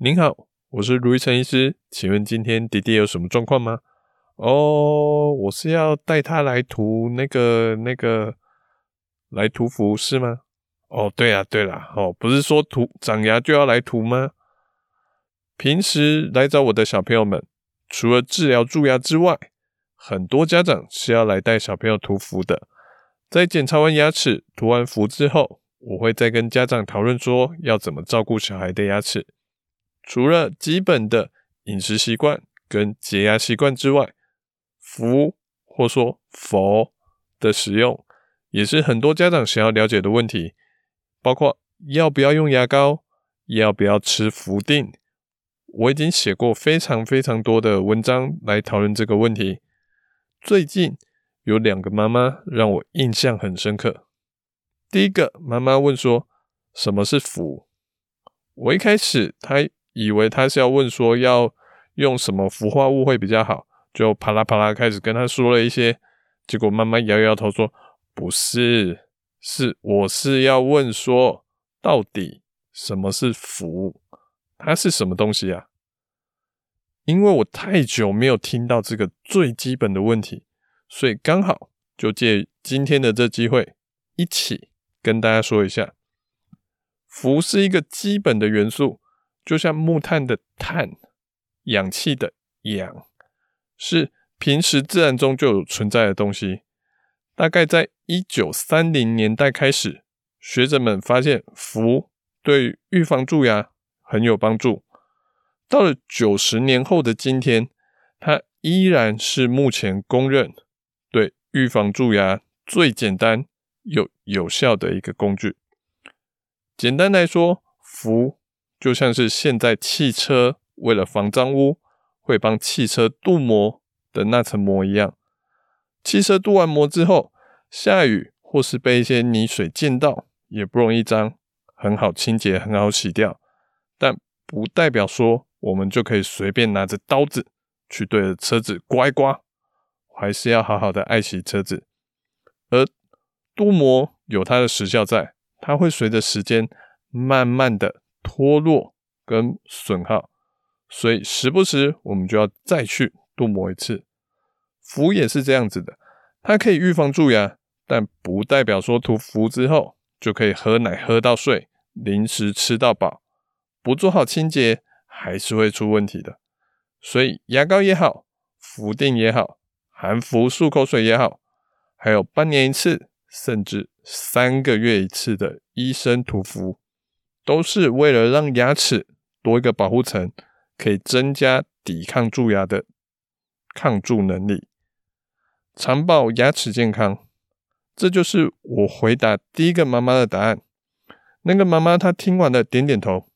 您好，我是盧玉成醫師，請問今天弟弟有什麼狀況嗎？哦，我是要帶他來塗那個那個來塗氟是嗎？哦，對呀、啊、對啦、啊，哦，不是說塗長牙就要來塗嗎？平時來找我的小朋友們，除了治療蛀牙之外，很多家長是要來帶小朋友塗氟的。在檢查完牙齒、塗完氟之後，我會再跟家長討論說要怎麼照顧小孩的牙齒。除了基本的飲食習慣跟潔牙習慣之外，氟或說氟的使用也是很多家長想要了解的問題，包括要不要用牙膏，要不要吃氟錠。我已經寫過非常非常多的文章來討論這個問題。最近有兩個媽媽讓我印象很深刻。第一個媽媽問說：“什麼是氟？”我一開始她。以為他是要問說要用什麼氟化物會比較好，就啪啦啪啦開始跟他說了一些，結果慢慢搖搖頭說：“不是，是我是要問說到底什麼是氟，它是什麼東西啊？”因為我太久沒有聽到這個最基本的問題，所以剛好就借今天的這機會，一起跟大家說一下，氟是一個基本的元素。就像木炭的炭，氧氣的氧，是平時自然中就有存在的東西。大概在一九三零年代開始，學者們發現氟對預防蛀牙很有幫助。到了九十年後的今天，它依然是目前公認對預防蛀牙最簡單又有效的一個工具。簡單來說，氟。就像是現在汽車為了防髒污，會幫汽車鍍膜的那層膜一樣。汽車鍍完膜之後，下雨或是被一些泥水濺到，也不容易髒，很好清潔，很好洗掉。但不代表說我們就可以隨便拿着刀子去對着車子刮一刮，還是要好好的愛惜車子。而鍍膜有它的時效在，它會隨着時間慢慢的。脫落跟損耗，所以時不時我們就要再去鍍膜一次。氟也是這樣子的，它可以預防蛀牙，但不代表說塗氟之後就可以喝奶喝到睡，零食吃到飽，不做好清潔還是會出問題的。所以牙膏也好，氟錠也好，含氟漱口水也好，還有半年一次甚至三個月一次的醫生塗氟，都是為了讓牙齒多一個保護層，可以增加抵抗蛀牙的抗蛀能力，長保牙齒健康。這就是我回答第一個媽媽的答案。那個媽媽她聽完了點點頭，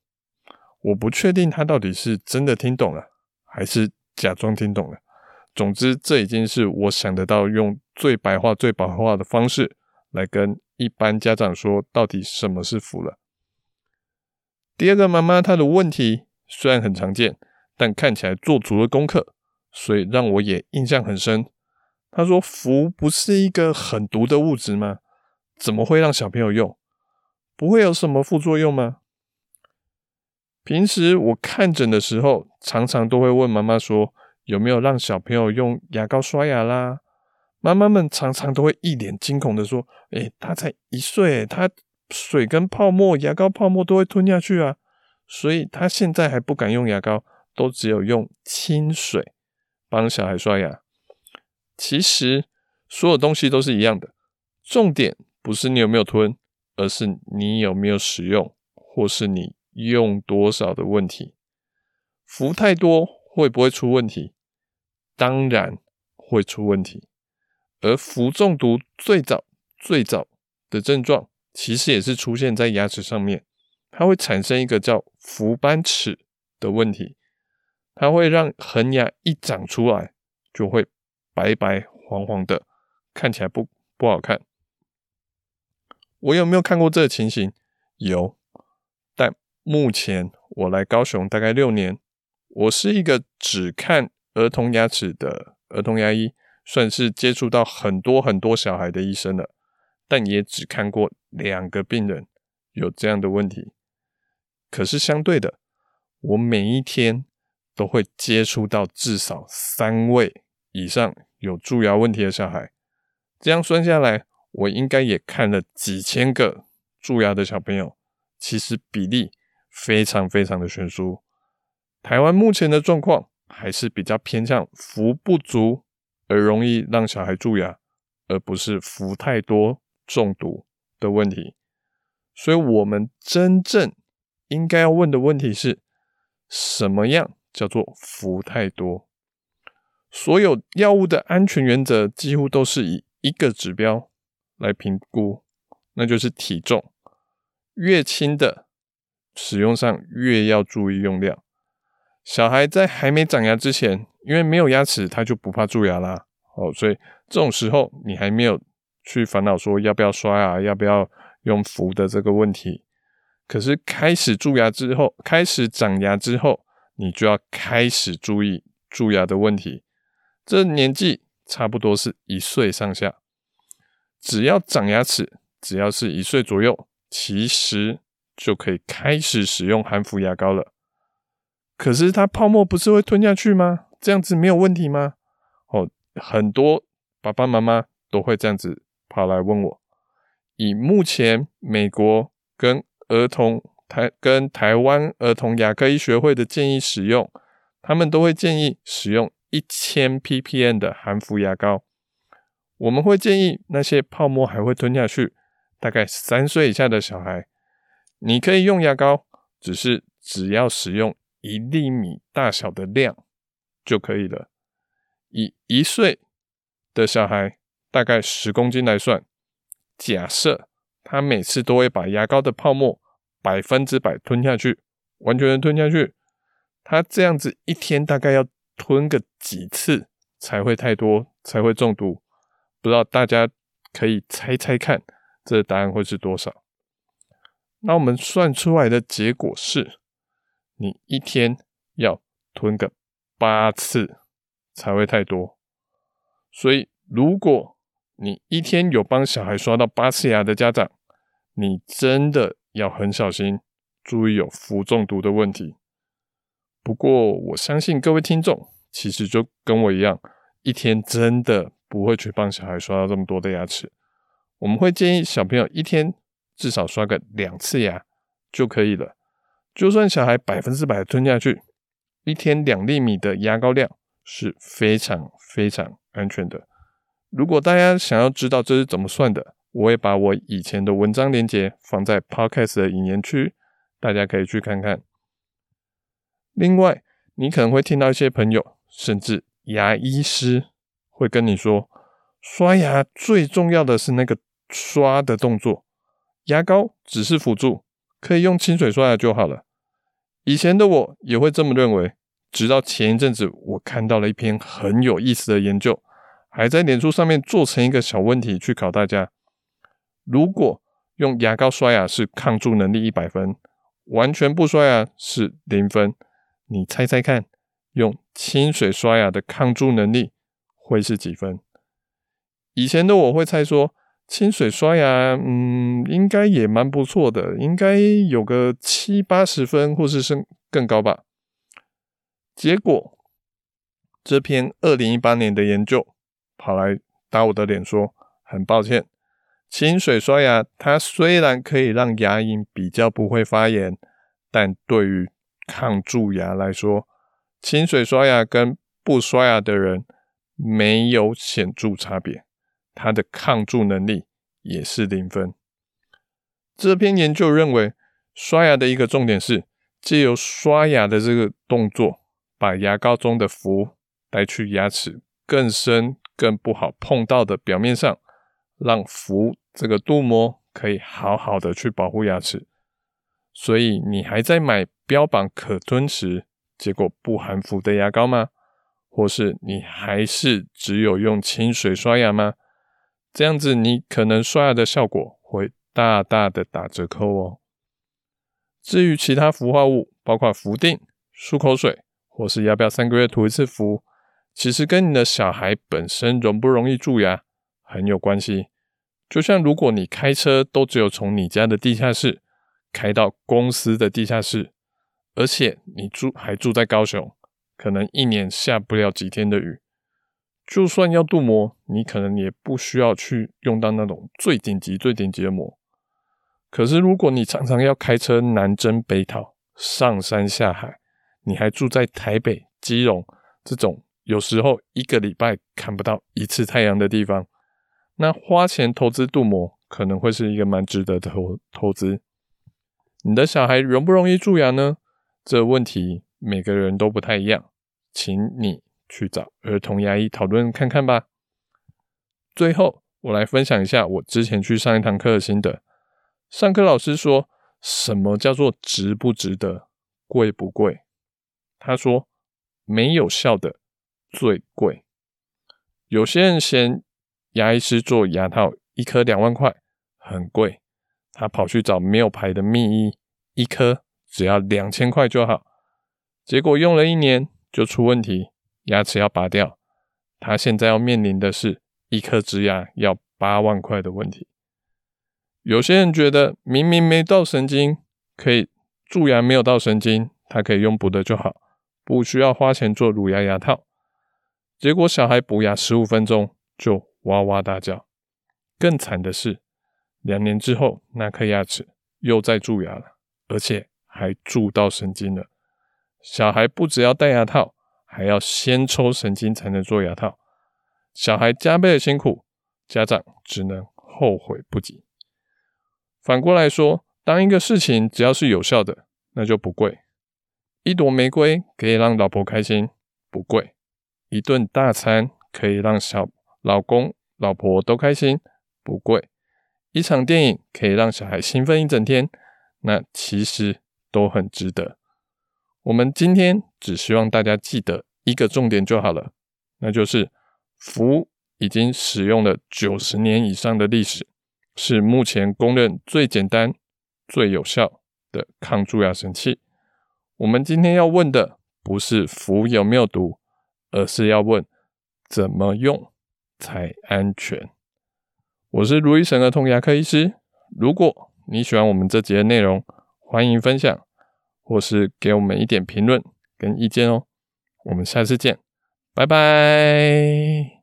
我不確定她到底是真的聽懂了，還是假裝聽懂了。總之，這已經是我想得到用最白話、最白話的方式來跟一般家長說，到底什麼是氟了。第二個媽媽，她的問題雖然很常見，但看起來做足了功課，所以讓我也印象很深。她說：“氟不是一個很毒的物質嗎？怎麼會讓小朋友用？不會有什麼副作用嗎？”平時我看診的時候，常常都會問媽媽說：“有沒有讓小朋友用牙膏刷牙啦？”媽媽們常常都會一臉驚恐的說：“哎、欸，他才一歲，他……”水跟泡沫，牙膏泡沫都會吞下去啊，所以他現在還不敢用牙膏，都只有用清水幫小孩刷牙。其實所有東西都是一樣的，重點不是你有沒有吞，而是你有沒有使用，或是你用多少的問題。氟太多會不會出問題？當然會出問題。而氟中毒最早、最早的症狀，其實也是出現在牙齒上面，它會產生一個叫氟斑齒的問題，它會讓恆牙一長出來就會白白黃黃的，看起來不不好看。我有沒有看過這個情形？有。但目前我來高雄大概六年，我是一個只看兒童牙齒的兒童牙醫，算是接觸到很多很多小孩的醫生了，但也只看過。兩個病人有這樣的問題，可是相對的，我每一天都會接觸到至少三位以上有蛀牙問題的小孩。這樣算下來，我應該也看了幾千個蛀牙的小朋友。其實比例非常非常的懸殊。台灣目前的狀況還是比較偏向氟不足，而容易讓小孩蛀牙，而不是氟太多中毒。的問題，所以，我們真正應該要問的問題是什麼樣叫做氟太多？所有藥物的安全原則幾乎都是以一個指標來評估，那就是體重，越輕的使用上越要注意用量。小孩在還沒長牙之前，因為沒有牙齒，他就不怕蛀牙啦。哦，所以這種時候你還沒有。去煩惱說要不要刷牙，要不要用氟的這個問題。可是開始蛀牙之後，開始長牙之後，你就要開始注意蛀牙的問題。這年紀差不多是一歲上下，只要長牙齒，只要是一歲左右，其實就可以開始使用含氟牙膏了。可是它泡沫不是會吞下去嗎？這樣子沒有問題嗎？哦，很多爸爸媽媽都會這樣子。跑來問我，以目前美國跟兒童台跟台灣兒童牙科醫學會的建議使用，他們都會建議使用一千 ppm 的含氟牙膏。我們會建議那些泡沫還會吞下去，大概三歲以下的小孩，你可以用牙膏，只是只要使用一粒米大小的量就可以了。以一歲的小孩，大概十公斤來算，假設他每次都會把牙膏的泡沫百分之百吞下去，完全吞下去，他這樣子一天大概要吞個幾次才會太多，才會中毒？不知道大家可以猜猜看，這答案會是多少？那我們算出來的結果是，你一天要吞個八次才會太多，所以如果你一天有幫小孩刷到八次牙的家長，你真的要很小心，注意有氟中毒的問題。不過我相信各位聽眾其實就跟我一樣，一天真的不會去幫小孩刷到這麼多的牙齒。我們會建議小朋友一天至少刷個兩次牙就可以了。就算小孩百分之百吞下去，一天兩粒米的牙膏量是非常非常安全的。如果大家想要知道這是怎麼算的，我會把我以前的文章鏈接放在 Podcast 的引言區，大家可以去看看。另外，你可能會聽到一些朋友，甚至牙醫師，會跟你說，刷牙最重要的是那個刷的動作，牙膏只是輔助，可以用清水刷牙就好了。以前的我也會這麼認為，直到前一陣子，我看到了一篇很有意思的研究。還在臉書上面做成一個小問題去考大家：如果用牙膏刷牙是抗蛀能力一百分，完全不刷牙是零分，你猜猜看，用清水刷牙的抗蛀能力會是幾分？以前的我會猜說清水刷牙，嗯，應該也蠻不錯的，應該有個七八十分或是是更高吧。結果這篇二零一八年的研究，跑來打我的臉說，很抱歉，清水刷牙，它雖然可以讓牙齦比較不會發炎，但對於抗蛀牙來說，清水刷牙跟不刷牙的人沒有顯著差別，它的抗蛀能力也是零分。這篇研究認為，刷牙的一個重點是，借由刷牙的這個動作，把牙膏中的氟帶去牙齒更深更不好碰到的表面上，讓氟這個鍍膜可以好好的去保護牙齒。所以你還在買標榜可吞食、結果不含氟的牙膏嗎？或是你還是只有用清水刷牙嗎？這樣子你可能刷牙的效果會大大的打折扣哦。至於其他氟化物，包括氟錠、漱口水，或是要不要三個月塗一次氟，其實跟你的小孩本身容不容易蛀牙很有關係。就像如果你開車都只有從你家的地下室開到公司的地下室，而且你住還住在高雄，可能一年下不了幾天的雨，就算要鍍膜，你可能也不需要去用到那種最頂級、最頂級的膜。可是如果你常常要開車南征北討、上山下海，你還住在台北、基隆這種。有時候一個禮拜看不到一次太陽的地方，那花錢投資鍍膜可能會是一個蠻值得的投投資。你的小孩容不容易蛀牙呢？這問題每個人都不太一樣，請你去找兒童牙醫討論看看吧。最後，我來分享一下我之前去上一堂課的心得。上課老師說什麼叫做值不值得、貴不貴？他說沒有效的。最貴，有些人嫌牙醫師做牙套一顆兩萬塊很貴，他跑去找沒有牌的密醫，一顆只要兩千塊就好。結果用了一年就出問題，牙齒要拔掉。他現在要面臨的是一顆植牙要八萬塊的問題。有些人覺得明明沒到神經，可以蛀牙沒有到神經，他可以用補的就好，不需要花錢做乳牙牙套。結果小孩補牙十五分鐘就哇哇大叫，更慘的是，兩年之後那顆牙齒又再蛀牙了，而且還蛀到神經了。小孩不只要戴牙套，還要先抽神經才能做牙套，小孩加倍的辛苦，家長只能後悔不及。反過來說，當一個事情只要是有效的，那就不貴。一朵玫瑰可以讓老婆開心，不貴。一頓大餐可以讓小老公、老婆都開心，不貴；一場電影可以讓小孩興奮一整天，那其實都很值得。我們今天只希望大家記得一個重點就好了，那就是氟已經使用了九十年以上的歷史，是目前公認最簡單、最有效的抗蛀牙神器。我們今天要問的不是氟有沒有毒。而是要問怎麼用才安全。我是盧醫生，兒童牙科醫師。如果你喜歡我們這節的內容，歡迎分享或是給我們一點評論跟意見哦。我們下次見，拜拜。